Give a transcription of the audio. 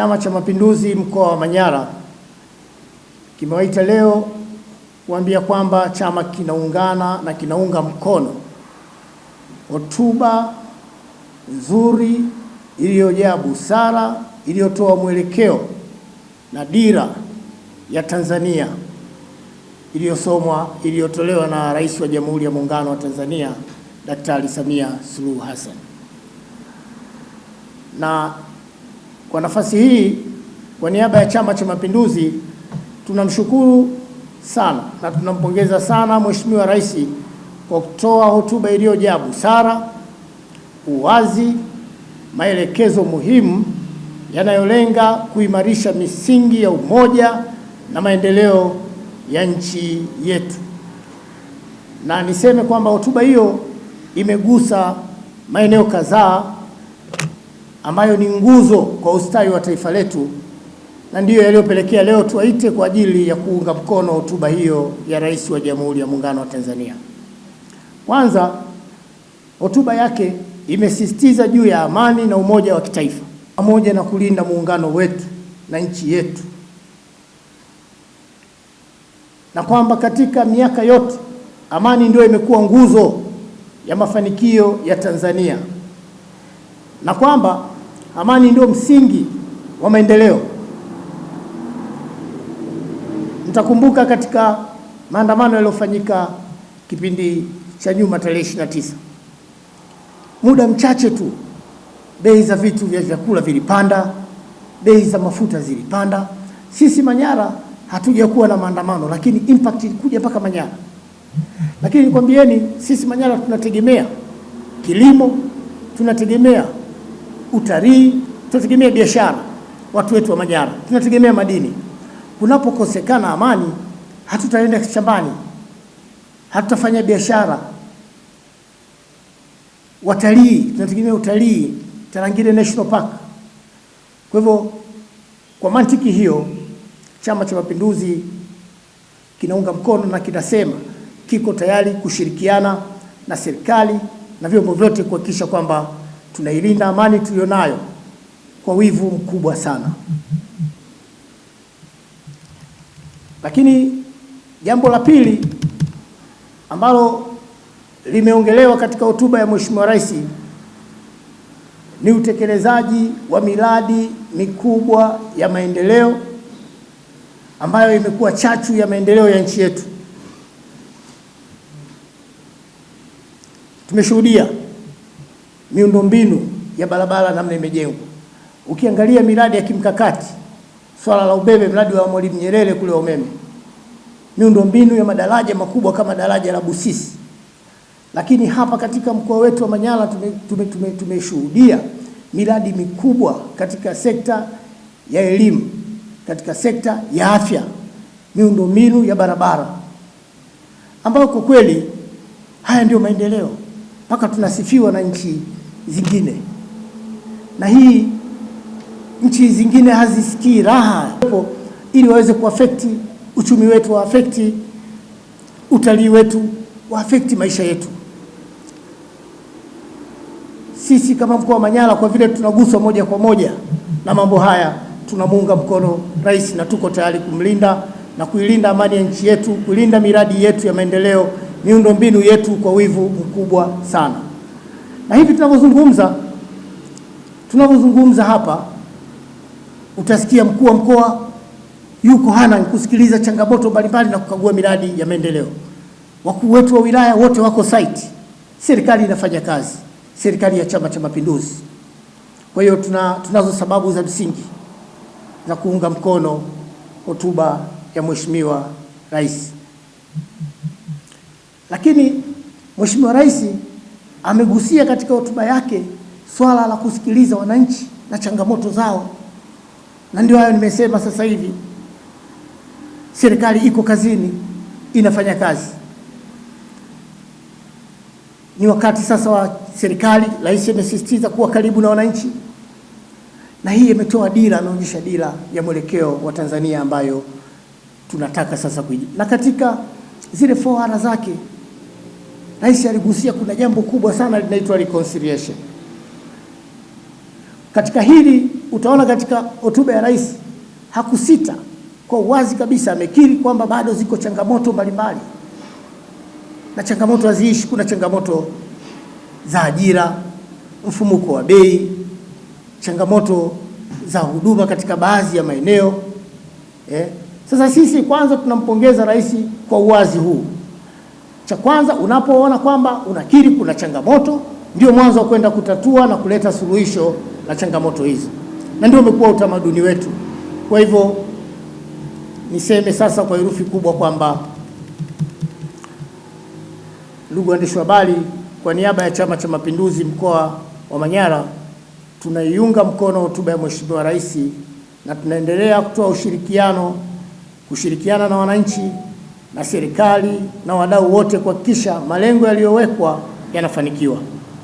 Chama cha Mapinduzi mkoa wa Manyara kimewaita leo kuambia kwamba chama kinaungana na kinaunga mkono hotuba nzuri iliyojaa busara iliyotoa mwelekeo na dira ya Tanzania iliyosomwa iliyotolewa na Rais wa Jamhuri ya Muungano wa Tanzania Daktari Samia Suluhu Hassan na kwa nafasi hii, kwa niaba ya Chama cha Mapinduzi, tunamshukuru sana na tunampongeza sana Mheshimiwa Rais kwa kutoa hotuba iliyojaa busara, uwazi, maelekezo muhimu yanayolenga kuimarisha misingi ya umoja na maendeleo ya nchi yetu. Na niseme kwamba hotuba hiyo imegusa maeneo kadhaa ambayo ni nguzo kwa ustawi wa taifa letu na ndiyo yaliyopelekea leo tuwaite kwa ajili ya kuunga mkono hotuba hiyo ya Rais wa Jamhuri ya Muungano wa Tanzania. Kwanza, hotuba yake imesisitiza juu ya amani na umoja wa kitaifa pamoja na kulinda muungano wetu na nchi yetu, na kwamba katika miaka yote amani ndio imekuwa nguzo ya mafanikio ya Tanzania na kwamba Amani ndio msingi wa maendeleo. Mtakumbuka katika maandamano yaliyofanyika kipindi cha nyuma tarehe 29, muda mchache tu bei za vitu vya vyakula vilipanda, bei za mafuta zilipanda. Sisi Manyara hatujakuwa na maandamano, lakini impact ilikuja mpaka Manyara. Lakini nikwambieni, sisi Manyara tunategemea kilimo, tunategemea utalii, tunategemea biashara, watu wetu wa Manyara, tunategemea madini. Kunapokosekana amani, hatutaenda shambani, hatutafanya biashara. Watalii, tunategemea utalii, Tarangire National Park. Kwa hivyo, kwa mantiki hiyo, Chama cha Mapinduzi kinaunga mkono na kinasema kiko tayari kushirikiana na serikali na vyombo vyote kuhakikisha kwamba tunailinda amani tuliyonayo kwa wivu mkubwa sana. Lakini jambo la pili ambalo limeongelewa katika hotuba ya Mheshimiwa Rais ni utekelezaji wa miradi mikubwa ya maendeleo ambayo imekuwa chachu ya maendeleo ya nchi yetu. Tumeshuhudia miundombinu ya barabara namna imejengwa. Ukiangalia miradi ya kimkakati, swala la ubebe, mradi wa Mwalimu Nyerere kule wa umeme, miundombinu ya madaraja makubwa kama daraja la Busisi. Lakini hapa katika mkoa wetu wa Manyara tumeshuhudia miradi mikubwa katika sekta ya elimu, katika sekta ya afya, miundombinu ya barabara ambayo kwa kweli haya ndiyo maendeleo mpaka tunasifiwa na nchi zingine, na hii nchi zingine hazisikii raha, ili waweze kuafekti uchumi wetu, waafekti utalii wetu, waafekti maisha yetu. Sisi kama mkoa wa Manyara, kwa vile tunaguswa moja kwa moja na mambo haya, tunamuunga mkono rais na tuko tayari kumlinda na kuilinda amani ya nchi yetu, kuilinda miradi yetu ya maendeleo miundombinu yetu kwa wivu mkubwa sana, na hivi tunavyozungumza tunavyozungumza hapa, utasikia mkuu wa mkoa yuko Hanang kusikiliza changamoto mbalimbali na kukagua miradi ya maendeleo. Wakuu wetu wa wilaya wote wako site. Serikali inafanya kazi, serikali ya Chama cha Mapinduzi. Kwa hiyo tuna, tunazo sababu za msingi za kuunga mkono hotuba ya Mheshimiwa Rais. Lakini Mheshimiwa Rais amegusia katika hotuba yake swala la kusikiliza wananchi na changamoto zao, na ndio hayo nimesema sasa hivi. Serikali iko kazini, inafanya kazi. Ni wakati sasa wa serikali. Rais amesisitiza kuwa karibu na wananchi, na hii imetoa dira, ameonyesha dira ya mwelekeo wa Tanzania ambayo tunataka sasa kuji. na katika zile fora zake Rais aligusia kuna jambo kubwa sana linaitwa reconciliation. Katika hili utaona katika hotuba ya rais hakusita, kwa uwazi kabisa amekiri kwamba bado ziko changamoto mbalimbali na changamoto haziishi. Kuna changamoto za ajira, mfumuko wa bei, changamoto za huduma katika baadhi ya maeneo eh. Sasa sisi kwanza tunampongeza rais kwa uwazi huu. Cha kwanza, unapoona kwamba unakiri kuna changamoto, ndio mwanzo wa kwenda kutatua na kuleta suluhisho la changamoto hizi, na ndio umekuwa utamaduni wetu. Kwa hivyo niseme sasa kwa herufi kubwa kwamba, ndugu waandishi wa habari, kwa niaba ya Chama cha Mapinduzi mkoa wa Manyara tunaiunga mkono hotuba ya Mheshimiwa Rais na tunaendelea kutoa ushirikiano kushirikiana na wananchi na serikali na wadau wote kuhakikisha malengo yaliyowekwa yanafanikiwa.